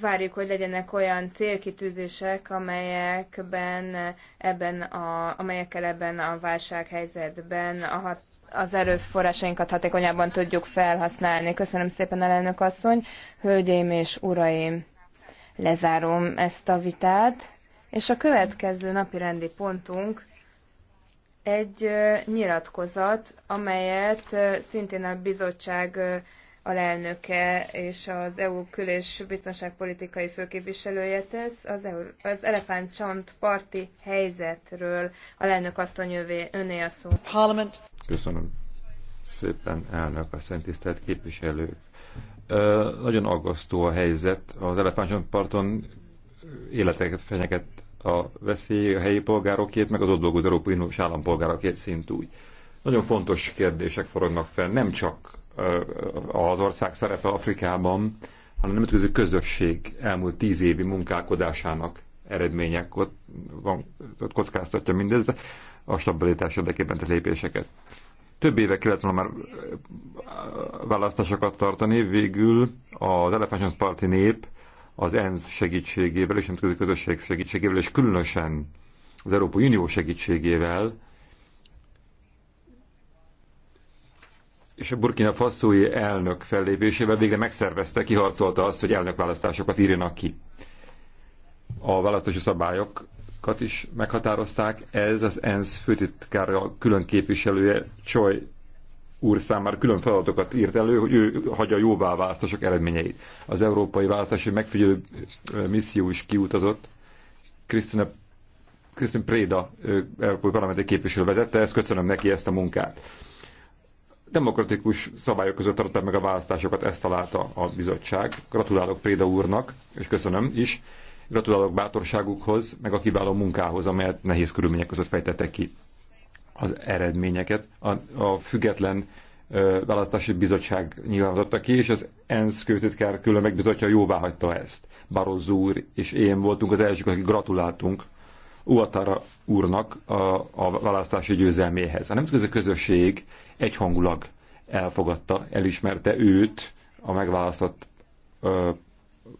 várjuk, hogy legyenek olyan célkitűzések, amelyekben ebben a, amelyekkel ebben a válsághelyzetben a hat, az erőforrásainkat hatékonyabban tudjuk felhasználni. Köszönöm szépen, elnök asszony, hölgyeim és uraim! Lezárom ezt a vitát, és a következő napi rendi pontunk egy nyilatkozat, amelyet szintén a bizottság alelnöke és az EU kül- és biztonságpolitikai főképviselője tesz, az, EU, az elefánt csont parti helyzetről alelnök asszony övé, öné a szó. Parliament. Köszönöm szépen, elnök, a szent tisztelt képviselők. Ö, nagyon aggasztó a helyzet. Az parton életeket fenyeget a veszély a helyi polgárokét, meg az ott dolgozó Európai Uniós állampolgárokért szintúgy. Nagyon fontos kérdések forognak fel, nem csak az ország szerepe Afrikában, hanem nemzetközi közösség elmúlt tíz évi munkálkodásának eredmények ott, van, ott kockáztatja mindez a stabilitás érdekében tett lépéseket. Több éve kellett volna már választásokat tartani, végül az Elephant Parti nép az ENSZ segítségével és nemzetközi közösség segítségével, és különösen az Európai Unió segítségével és a Burkina Faszói elnök fellépésével végre megszervezte, kiharcolta azt, hogy elnökválasztásokat írjanak ki. A választási szabályokat is meghatározták, ez az ENSZ főtitkára külön képviselője Choi úr számára külön feladatokat írt elő, hogy ő hagyja jóvá a választások eredményeit. Az Európai Választási Megfigyelő Misszió is kiutazott. Krisztina Krisztin Préda, Európai Parlamenti képviselő vezette, ezt köszönöm neki ezt a munkát demokratikus szabályok között tartotta meg a választásokat, ezt találta a bizottság. Gratulálok Préda úrnak, és köszönöm is. Gratulálok bátorságukhoz, meg a kiváló munkához, amelyet nehéz körülmények között fejtettek ki az eredményeket. A, a független ö, választási bizottság nyilvánította ki, és az ENSZ kőtétkár külön megbizotja jóvá hagyta ezt. Barozzúr és én voltunk az elsők, akik gratuláltunk Uatara úrnak a, a választási győzelméhez. A nemzetközi közösség egyhangulag elfogadta, elismerte őt a megválasztott ö,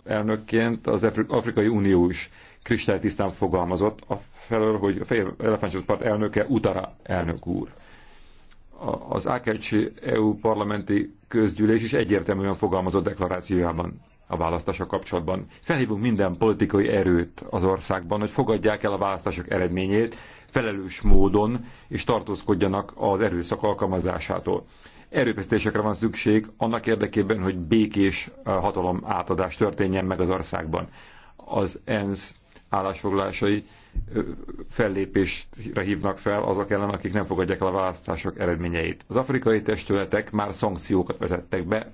elnökként. Az Afrikai Unió is kristálytisztán fogalmazott a felől, hogy a Fehér Part elnöke Utara elnök úr. A, az AKC EU parlamenti közgyűlés is egyértelműen fogalmazott deklarációjában a választások kapcsolatban. Felhívunk minden politikai erőt az országban, hogy fogadják el a választások eredményét felelős módon, és tartózkodjanak az erőszak alkalmazásától. Erőfeszítésekre van szükség annak érdekében, hogy békés eh, hatalom átadás történjen meg az országban. Az ENSZ állásfoglalásai eh, fellépésre hívnak fel azok ellen, akik nem fogadják el a választások eredményeit. Az afrikai testületek már szankciókat vezettek be,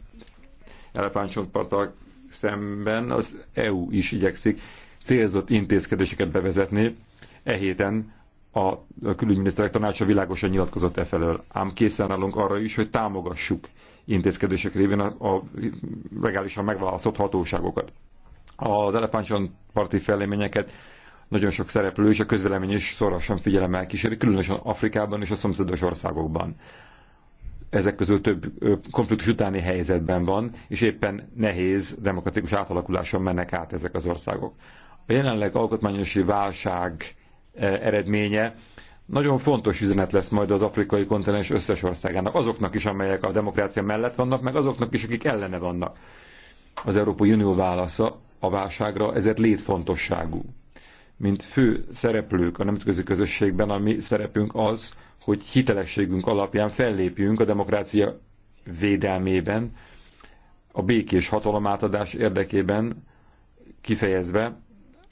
elefántsontpartal szemben az EU is igyekszik célzott intézkedéseket bevezetni. E héten a külügyminiszterek tanácsa világosan nyilatkozott e felől. Ám készen állunk arra is, hogy támogassuk intézkedések révén a, a legálisan megválasztott hatóságokat. Az elefántson parti felleményeket nagyon sok szereplő és a közvélemény is szorosan figyelemmel kíséri, különösen Afrikában és a szomszédos országokban ezek közül több konfliktus utáni helyzetben van, és éppen nehéz demokratikus átalakuláson mennek át ezek az országok. A jelenleg alkotmányosi válság e, eredménye nagyon fontos üzenet lesz majd az afrikai kontinens összes országának, azoknak is, amelyek a demokrácia mellett vannak, meg azoknak is, akik ellene vannak. Az Európai Unió válasza a válságra ezért létfontosságú mint fő szereplők a nemzetközi közösségben, a mi szerepünk az, hogy hitelességünk alapján fellépjünk a demokrácia védelmében, a békés átadás érdekében, kifejezve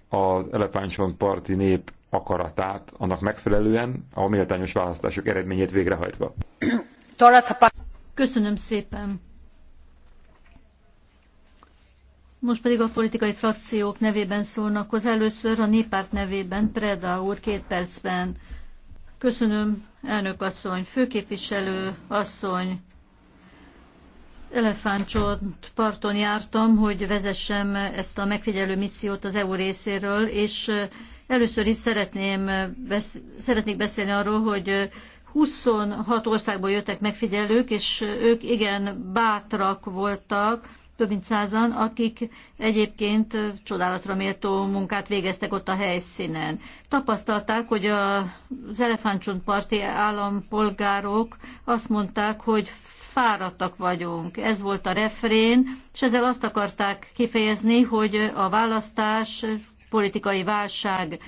az elefántson parti nép akaratát, annak megfelelően a méltányos választások eredményét végrehajtva. Köszönöm szépen! Most pedig a politikai frakciók nevében szólnak hozzá. Először a néppárt nevében Preda úr két percben. Köszönöm, elnök asszony, főképviselő asszony. Elefántcsont parton jártam, hogy vezessem ezt a megfigyelő missziót az EU részéről, és eh, először is szeretném, besz- szeretnék beszélni arról, hogy 26 eh, országból jöttek megfigyelők, és eh, ők igen bátrak voltak, több mint százan, akik egyébként csodálatra méltó munkát végeztek ott a helyszínen. Tapasztalták, hogy az elefántcsontparti állampolgárok azt mondták, hogy fáradtak vagyunk. Ez volt a refrén, és ezzel azt akarták kifejezni, hogy a választás politikai válság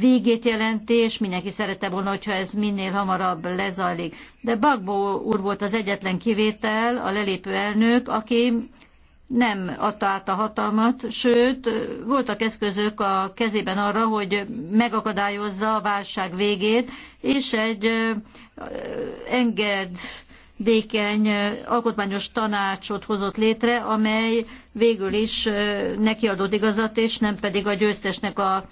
végét jelenti, és mindenki szerette volna, hogyha ez minél hamarabb lezajlik. De Bagbo úr volt az egyetlen kivétel, a lelépő elnök, aki nem adta át a hatalmat, sőt, voltak eszközök a kezében arra, hogy megakadályozza a válság végét, és egy enged dékeny alkotmányos tanácsot hozott létre, amely végül is neki adott igazat, és nem pedig a győztesnek a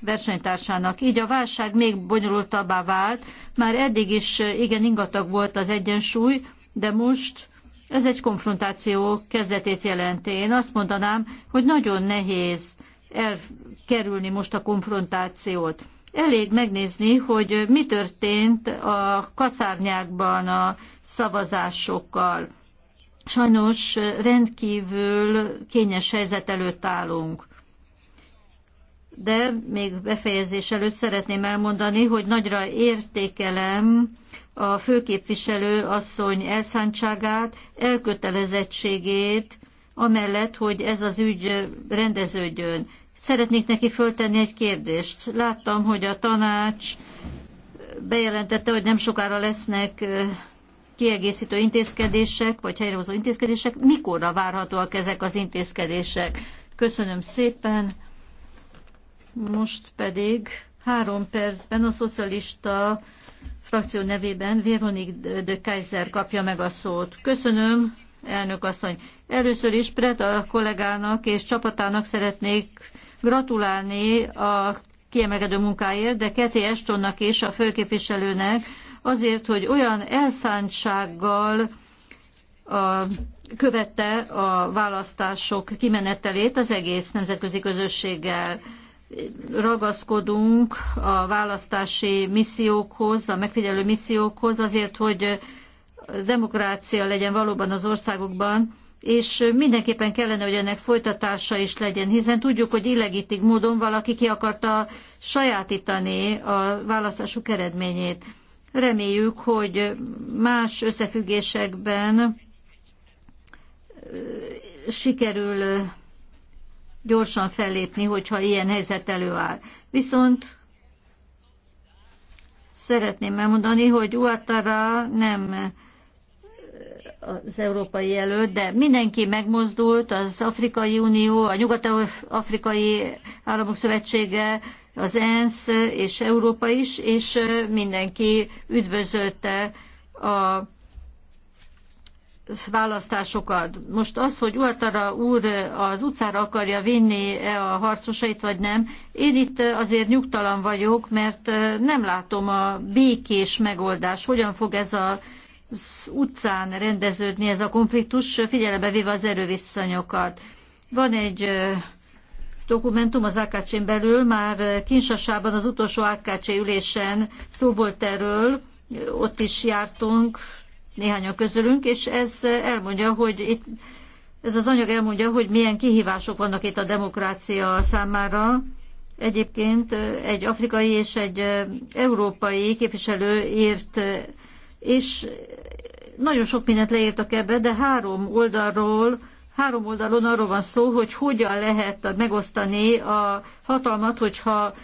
versenytársának. Így a válság még bonyolultabbá vált, már eddig is igen ingatag volt az egyensúly, de most ez egy konfrontáció kezdetét jelenti. Én azt mondanám, hogy nagyon nehéz elkerülni most a konfrontációt. Elég megnézni, hogy mi történt a kaszárnyákban a szavazásokkal. Sajnos rendkívül kényes helyzet előtt állunk. De még befejezés előtt szeretném elmondani, hogy nagyra értékelem a főképviselő asszony elszántságát, elkötelezettségét, amellett, hogy ez az ügy rendeződjön. Szeretnék neki föltenni egy kérdést. Láttam, hogy a tanács bejelentette, hogy nem sokára lesznek kiegészítő intézkedések, vagy helyrehozó intézkedések. Mikorra várhatóak ezek az intézkedések? Köszönöm szépen. Most pedig három percben a szocialista frakció nevében Véronik de Kaiser kapja meg a szót. Köszönöm, elnök asszony. Először is a kollégának és csapatának szeretnék gratulálni a kiemelkedő munkáért, de Keti Estonnak és a főképviselőnek azért, hogy olyan elszántsággal a, követte a választások kimenetelét az egész nemzetközi közösséggel ragaszkodunk a választási missziókhoz, a megfigyelő missziókhoz, azért, hogy demokrácia legyen valóban az országokban, és mindenképpen kellene, hogy ennek folytatása is legyen, hiszen tudjuk, hogy illegitig módon valaki ki akarta sajátítani a választásuk eredményét. Reméljük, hogy más összefüggésekben sikerül gyorsan fellépni, hogyha ilyen helyzet előáll. Viszont szeretném elmondani, hogy Uatara nem az európai jelölt, de mindenki megmozdult, az Afrikai Unió, a Nyugat-Afrikai Államok Szövetsége, az ENSZ és Európa is, és mindenki üdvözölte a választásokat. Most az, hogy Uatara úr az utcára akarja vinni -e a harcosait, vagy nem, én itt azért nyugtalan vagyok, mert nem látom a békés megoldás. Hogyan fog ez a az utcán rendeződni ez a konfliktus, figyelembe véve az erőviszonyokat. Van egy dokumentum az AKC-n belül, már Kinsasában az utolsó AKC ülésen szó volt erről, ott is jártunk, néhányan közülünk, és ez elmondja, hogy itt ez az anyag elmondja, hogy milyen kihívások vannak itt a demokrácia számára. Egyébként egy afrikai és egy európai képviselő írt, és nagyon sok mindent leírtak ebbe, de három oldalról, három oldalon arról van szó, hogy hogyan lehet megosztani a hatalmat, hogyha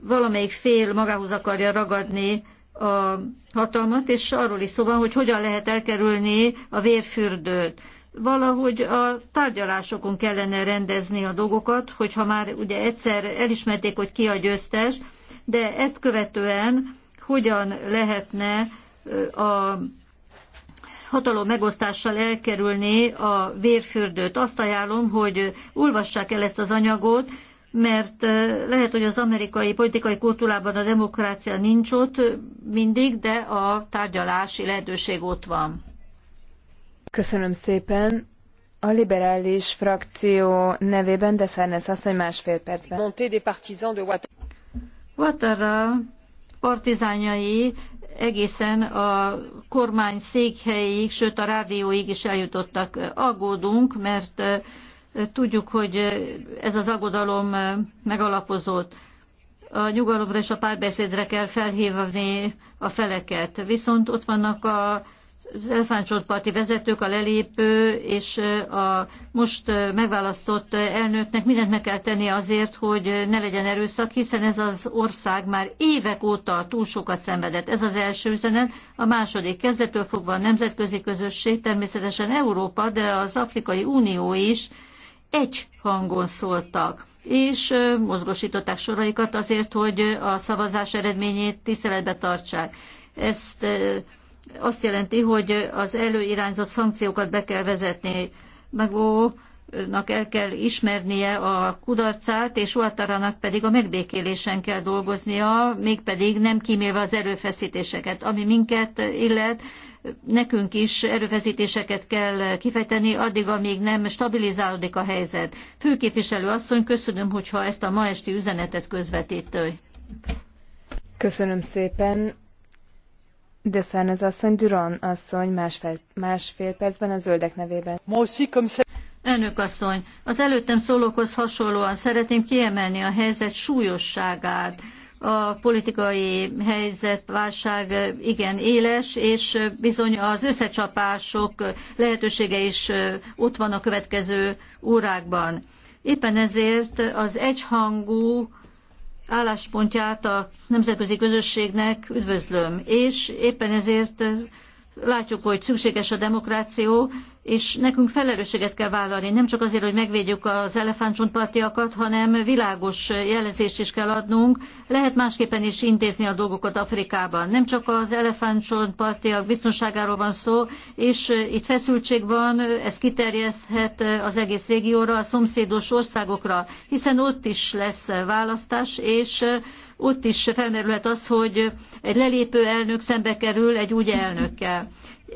valamelyik fél magához akarja ragadni a hatalmat, és arról is szóval, hogy hogyan lehet elkerülni a vérfürdőt. Valahogy a tárgyalásokon kellene rendezni a dolgokat, hogyha már ugye egyszer elismerték, hogy ki a győztes, de ezt követően hogyan lehetne a hatalom megosztással elkerülni a vérfürdőt. Azt ajánlom, hogy olvassák el ezt az anyagot, mert lehet, hogy az amerikai politikai kultúrában a demokrácia nincs ott mindig, de a tárgyalási lehetőség ott van. Köszönöm szépen. A liberális frakció nevében de Szárnesz asszony másfél percben. Ouattara partizányai egészen a kormány székhelyéig, sőt a rádióig is eljutottak. Aggódunk, mert tudjuk, hogy ez az aggodalom megalapozott. A nyugalomra és a párbeszédre kell felhívni a feleket. Viszont ott vannak a az elefántcsontparti vezetők, a lelépő és a most megválasztott elnöknek mindent meg kell tenni azért, hogy ne legyen erőszak, hiszen ez az ország már évek óta túl sokat szenvedett. Ez az első üzenet. A második kezdetől fogva a nemzetközi közösség, természetesen Európa, de az Afrikai Unió is egy hangon szóltak, és mozgosították soraikat azért, hogy a szavazás eredményét tiszteletbe tartsák. Ezt azt jelenti, hogy az előirányzott szankciókat be kell vezetni. Megó nak el kell ismernie a kudarcát, és Uataranak pedig a megbékélésen kell dolgoznia, mégpedig nem kímélve az erőfeszítéseket. Ami minket illet, nekünk is erőfeszítéseket kell kifejteni, addig, amíg nem stabilizálódik a helyzet. Főképviselő asszony, köszönöm, hogyha ezt a ma esti üzenetet közvetítő. Köszönöm szépen. De Szánez asszony, Duran asszony másfél, másfél percben a zöldek nevében. Elnök asszony, az előttem szólókhoz hasonlóan szeretném kiemelni a helyzet súlyosságát. A politikai helyzet, válság igen éles, és bizony az összecsapások lehetősége is ott van a következő órákban. Éppen ezért az egyhangú álláspontját a nemzetközi közösségnek üdvözlöm, és éppen ezért látjuk, hogy szükséges a demokráció, és nekünk felelősséget kell vállalni, nem csak azért, hogy megvédjük az elefántcsontpartiakat, hanem világos jelzést is kell adnunk. Lehet másképpen is intézni a dolgokat Afrikában. Nem csak az elefántcsontpartiak biztonságáról van szó, és itt feszültség van, ez kiterjedhet az egész régióra, a szomszédos országokra, hiszen ott is lesz választás, és ott is felmerülhet az, hogy egy lelépő elnök szembe kerül egy új elnökkel.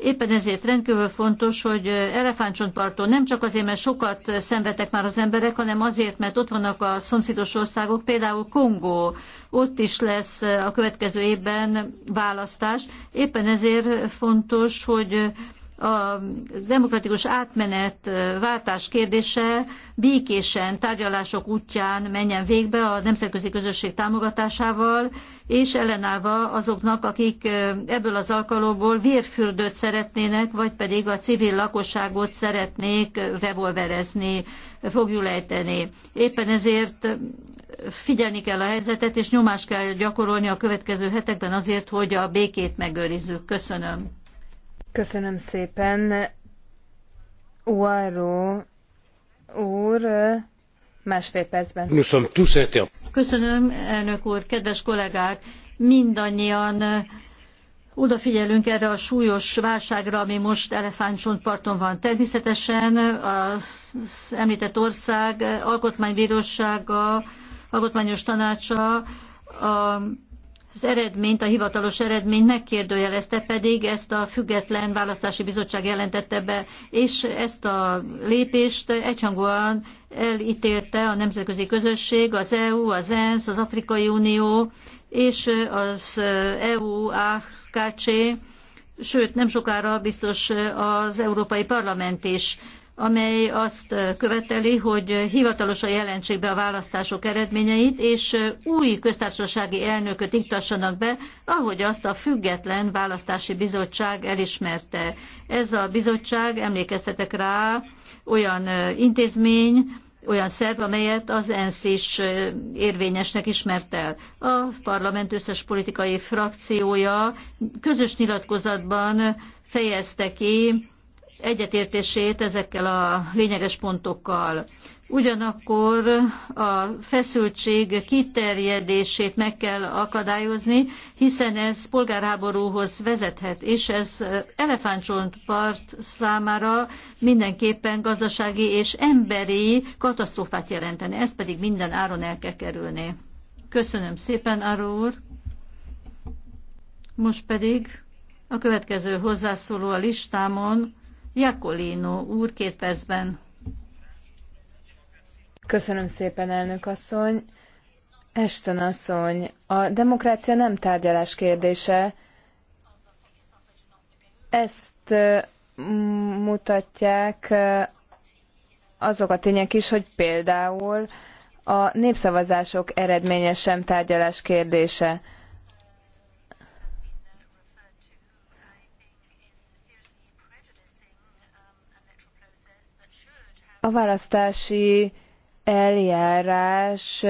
Éppen ezért rendkívül fontos, hogy elefántcsontparton nem csak azért, mert sokat szenvedtek már az emberek, hanem azért, mert ott vannak a szomszédos országok, például Kongó, ott is lesz a következő évben választás. Éppen ezért fontos, hogy a demokratikus átmenet váltás kérdése békésen tárgyalások útján menjen végbe a nemzetközi közösség támogatásával, és ellenállva azoknak, akik ebből az alkalomból vérfürdőt szeretnének, vagy pedig a civil lakosságot szeretnék revolverezni, fogjulejteni. Éppen ezért figyelni kell a helyzetet, és nyomást kell gyakorolni a következő hetekben azért, hogy a békét megőrizzük. Köszönöm. Köszönöm szépen. Uaró úr, másfél percben. Köszönöm, elnök úr, kedves kollégák, mindannyian eh, odafigyelünk erre a súlyos válságra, ami most elefántcsontparton van. Természetesen eh, az említett ország eh, alkotmánybírósága, alkotmányos tanácsa a az eredményt, a hivatalos eredményt megkérdőjelezte, pedig ezt a független választási bizottság jelentette be, és ezt a lépést egyhangúan elítélte a nemzetközi közösség, az EU, az ENSZ, az Afrikai Unió és az EU, AKC, sőt nem sokára biztos az Európai Parlament is amely azt követeli, hogy hivatalosan jelentsék be a választások eredményeit, és új köztársasági elnököt iktassanak be, ahogy azt a független választási bizottság elismerte. Ez a bizottság, emlékeztetek rá, olyan intézmény, olyan szerv, amelyet az ENSZ is érvényesnek ismert el. A parlament összes politikai frakciója közös nyilatkozatban fejezte ki egyetértését ezekkel a lényeges pontokkal. Ugyanakkor a feszültség kiterjedését meg kell akadályozni, hiszen ez polgárháborúhoz vezethet, és ez elefántcsontpart számára mindenképpen gazdasági és emberi katasztrófát jelenteni, ezt pedig minden áron el kell kerülni. Köszönöm szépen, Aró úr! Most pedig a következő hozzászóló a listámon, Jakolino úr, két percben. Köszönöm szépen, elnök asszony. Eston asszony, a demokrácia nem tárgyalás kérdése. Ezt mutatják azok a tények is, hogy például a népszavazások eredménye sem tárgyalás kérdése. A választási eljárás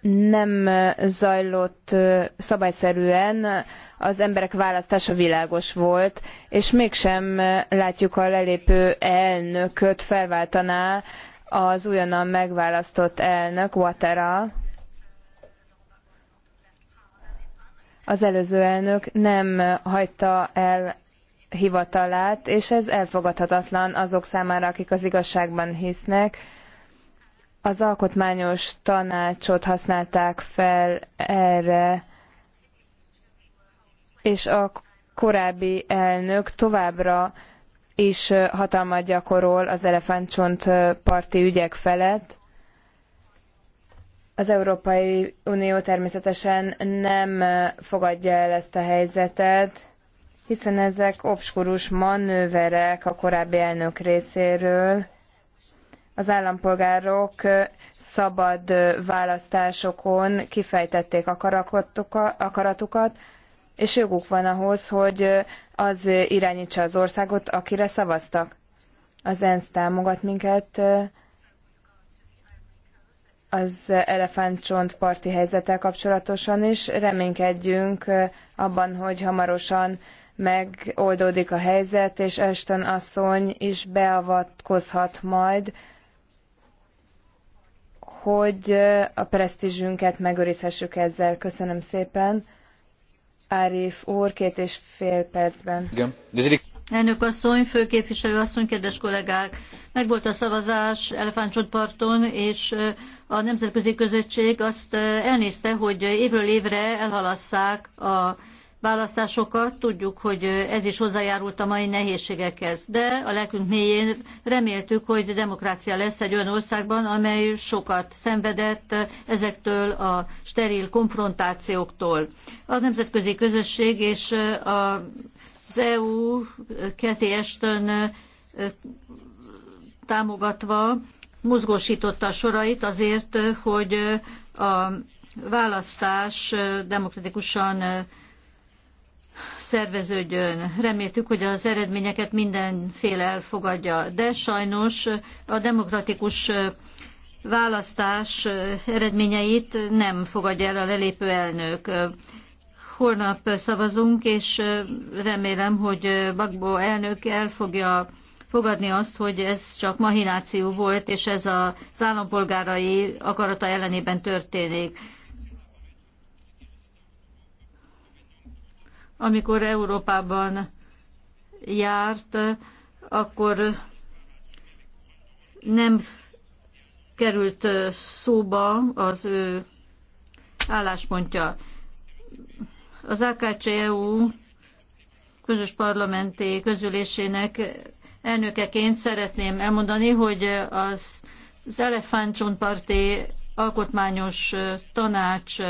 nem zajlott szabályszerűen, az emberek választása világos volt, és mégsem látjuk a lelépő elnököt felváltaná az újonnan megválasztott elnök, Watera. Az előző elnök nem hagyta el hivatalát, és ez elfogadhatatlan azok számára, akik az igazságban hisznek. Az alkotmányos tanácsot használták fel erre, és a korábbi elnök továbbra is hatalmat gyakorol az elefántcsont parti ügyek felett. Az Európai Unió természetesen nem fogadja el ezt a helyzetet, hiszen ezek obskurus manőverek a korábbi elnök részéről. Az állampolgárok szabad választásokon kifejtették akaratukat, és joguk van ahhoz, hogy az irányítsa az országot, akire szavaztak. Az ENSZ támogat minket az elefántcsont parti helyzettel kapcsolatosan is. Reménykedjünk abban, hogy hamarosan megoldódik a helyzet, és Ashton asszony is beavatkozhat majd, hogy a presztízsünket megőrizhessük ezzel. Köszönöm szépen. Árif úr, két és fél percben. Igen. Elnök asszony, főképviselő asszony, kedves kollégák! Megvolt a szavazás Elefántcsontparton, és a nemzetközi közösség azt elnézte, hogy évről évre elhalasszák a választásokat. Tudjuk, hogy ez is hozzájárult a mai nehézségekhez. De a lelkünk mélyén reméltük, hogy demokrácia lesz egy olyan országban, amely sokat szenvedett ezektől a steril konfrontációktól. A nemzetközi közösség és a az EU Keti Estön támogatva mozgósította a sorait azért, hogy a választás demokratikusan szerveződjön. Reméltük, hogy az eredményeket mindenféle elfogadja, de sajnos a demokratikus választás eredményeit nem fogadja el a lelépő elnök. Holnap szavazunk, és remélem, hogy Bagbo elnök el fogja fogadni azt, hogy ez csak mahináció volt, és ez az állampolgárai akarata ellenében történik. Amikor Európában járt, akkor nem került szóba az ő álláspontja. Az AKC-EU közös parlamenti közülésének elnökeként szeretném elmondani, hogy az, az elefántcsontparti alkotmányos tanács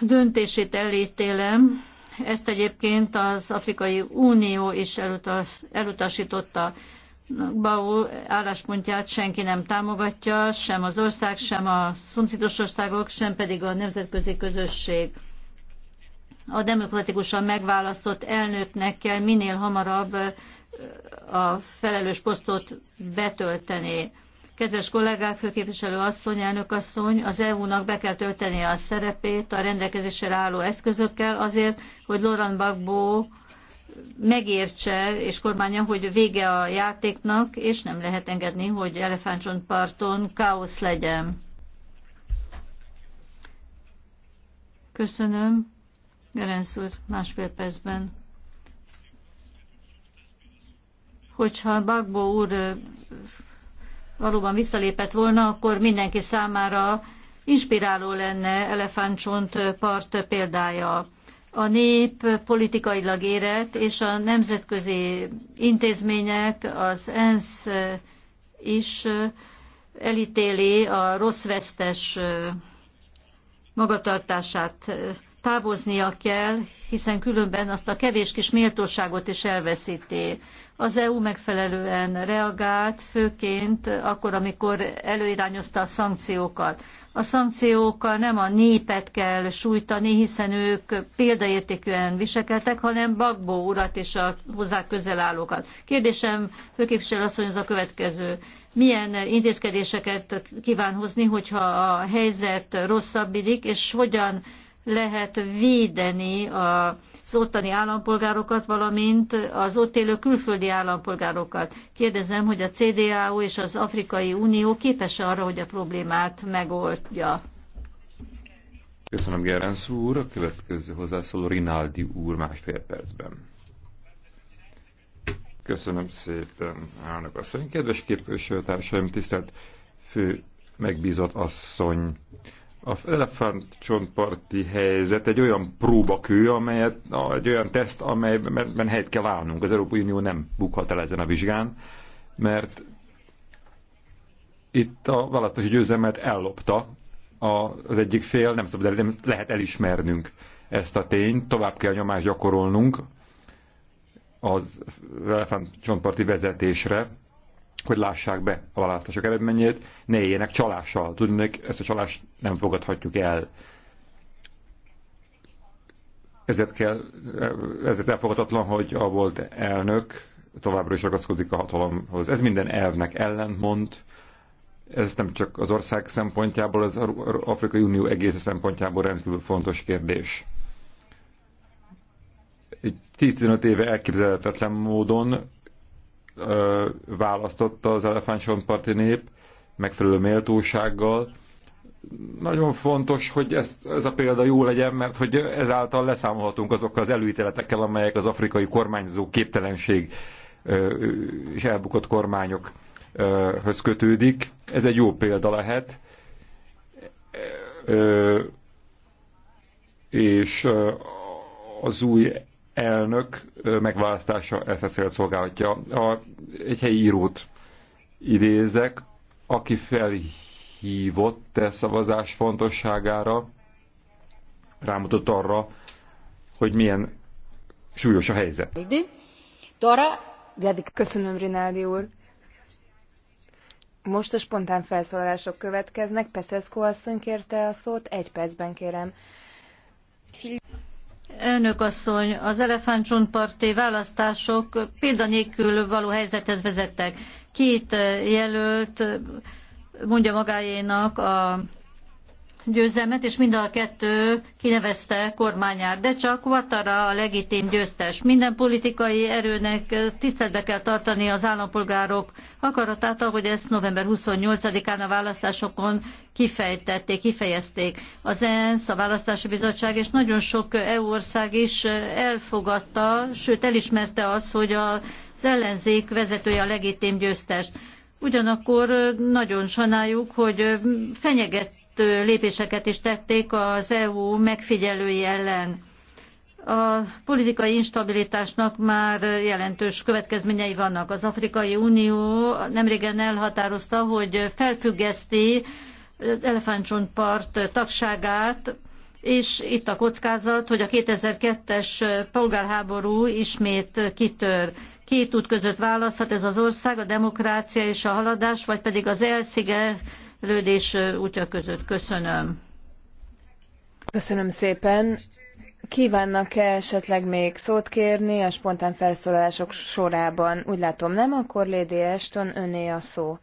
döntését elítélem. Ezt egyébként az Afrikai Unió is elutas, elutasította. Bau álláspontját senki nem támogatja, sem az ország, sem a szomszédos országok, sem pedig a nemzetközi közösség. A demokratikusan megválasztott elnöknek kell minél hamarabb a felelős posztot betölteni. Kedves kollégák, főképviselő asszony, elnök asszony, az EU-nak be kell töltenie a szerepét a rendelkezésre álló eszközökkel azért, hogy Laurent Gbagbo megértse, és kormánya, hogy vége a játéknak, és nem lehet engedni, hogy elefántcsontparton káosz legyen. Köszönöm. Gerenc úr, másfél percben. Hogyha Bagbo úr valóban visszalépett volna, akkor mindenki számára inspiráló lenne Elefántcsont part példája. A nép politikailag érett, és a nemzetközi intézmények, az ENSZ is elítéli a rossz vesztes magatartását. Távoznia kell, hiszen különben azt a kevés kis méltóságot is elveszíti. Az EU megfelelően reagált, főként akkor, amikor előirányozta a szankciókat. A szankciókkal nem a népet kell sújtani, hiszen ők példaértékűen viselkedtek, hanem Bagbo urat és a hozzá közel állókat. Kérdésem főképviselő az a következő. Milyen intézkedéseket kíván hozni, hogyha a helyzet rosszabbidik, és hogyan lehet védeni az ottani állampolgárokat, valamint az ott élő külföldi állampolgárokat. Kérdezem, hogy a CDAO és az Afrikai Unió képes arra, hogy a problémát megoldja. Köszönöm, Gerenc úr. A következő hozzászóló Rinaldi úr másfél percben. Köszönöm szépen, elnök asszony. Kedves képviselőtársaim, tisztelt fő megbízott asszony! A csontparti helyzet egy olyan próbakő, amelyet, egy olyan teszt, amelyben helyt kell állnunk. Az Európai Unió nem bukhat el ezen a vizsgán, mert itt a választási győzelmet ellopta az egyik fél, nem szabad, nem lehet elismernünk ezt a tényt, tovább kell nyomást gyakorolnunk az csontparti vezetésre, hogy lássák be a választások eredményét, ne éljenek csalással. Tudnék, ezt a csalást nem fogadhatjuk el. Ezért, kell, ezért elfogadhatatlan, hogy a volt elnök továbbra is ragaszkodik a hatalomhoz. Ez minden elvnek ellentmond, ez nem csak az ország szempontjából, az Afrikai Unió egész szempontjából rendkívül fontos kérdés. 15 éve elképzelhetetlen módon ö, választotta az elefántsontparti nép, megfelelő méltósággal. Nagyon fontos, hogy ezt, ez a példa jó legyen, mert hogy ezáltal leszámolhatunk azokkal az előítéletekkel, amelyek az afrikai kormányzó képtelenség ö, és elbukott kormányok höz kötődik. Ez egy jó példa lehet. Ö, és az új elnök megválasztása ezt a célt szolgálhatja. A, egy helyi írót idézek, aki felhívott e szavazás fontosságára, rámutott arra, hogy milyen súlyos a helyzet. Köszönöm, Rinaldi úr. Most a spontán felszólalások következnek. Peszeszko asszony kérte a szót, egy percben kérem. Elnök asszony, az elefántcsontparti választások példanélkül való helyzethez vezettek. Két jelölt mondja magáénak a győzelmet, és mind a kettő kinevezte kormányát. De csak Ouattara a legitim győztes. Minden politikai erőnek tiszteletbe kell tartani az állampolgárok akaratát, ahogy ezt november 28-án a választásokon kifejtették, kifejezték. Az ENSZ, a Választási Bizottság és nagyon sok EU ország is elfogadta, sőt elismerte azt, hogy az ellenzék vezetője a legitim győztes. Ugyanakkor nagyon sajnáljuk, hogy fenyeget megkettő lépéseket is tették az EU megfigyelői ellen. A politikai instabilitásnak már jelentős következményei vannak. Az Afrikai Unió nemrégen elhatározta, hogy felfüggeszti elefántcsontpart tagságát, és itt a kockázat, hogy a 2002-es polgárháború ismét kitör. Két út között választhat ez az ország, a demokrácia és a haladás, vagy pedig az elsziget lődés útja között. Köszönöm. Köszönöm szépen. Kívánnak-e esetleg még szót kérni a spontán felszólalások sorában? Úgy látom nem, akkor Lady Ashton, öné a szó.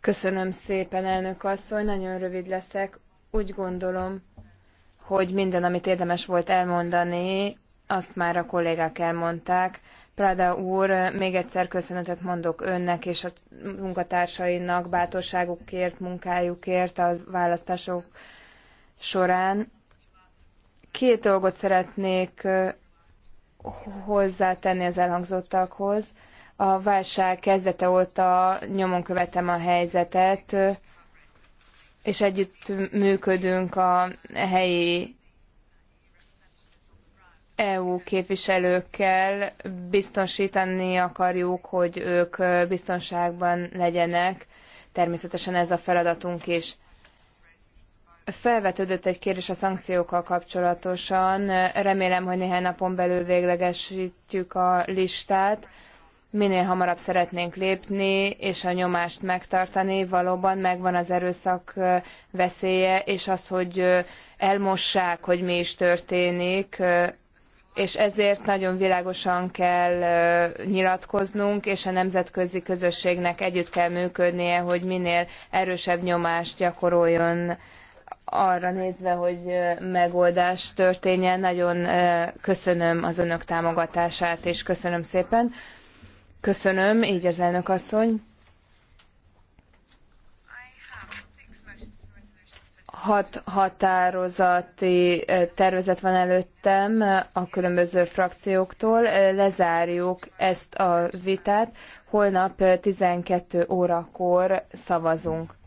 Köszönöm szépen, elnök asszony, nagyon rövid leszek. Úgy gondolom, hogy minden, amit érdemes volt elmondani, azt már a kollégák elmondták. Prada úr, még egyszer köszönetet mondok önnek és a munkatársainak bátorságukért, munkájukért a választások során. Két dolgot szeretnék hozzátenni az elhangzottakhoz. A válság kezdete óta nyomon követem a helyzetet, és együtt működünk a helyi EU képviselőkkel biztosítani akarjuk, hogy ők biztonságban legyenek. Természetesen ez a feladatunk is. Felvetődött egy kérdés a szankciókkal kapcsolatosan. Remélem, hogy néhány napon belül véglegesítjük a listát. Minél hamarabb szeretnénk lépni, és a nyomást megtartani. Valóban megvan az erőszak veszélye, és az, hogy elmossák, hogy mi is történik, és ezért nagyon világosan kell nyilatkoznunk, és a nemzetközi közösségnek együtt kell működnie, hogy minél erősebb nyomást gyakoroljon arra nézve, hogy megoldás történjen. Nagyon köszönöm az önök támogatását, és köszönöm szépen. Köszönöm, így az elnök asszony. hat határozati tervezet van előttem a különböző frakcióktól. Lezárjuk ezt a vitát. Holnap 12 órakor szavazunk.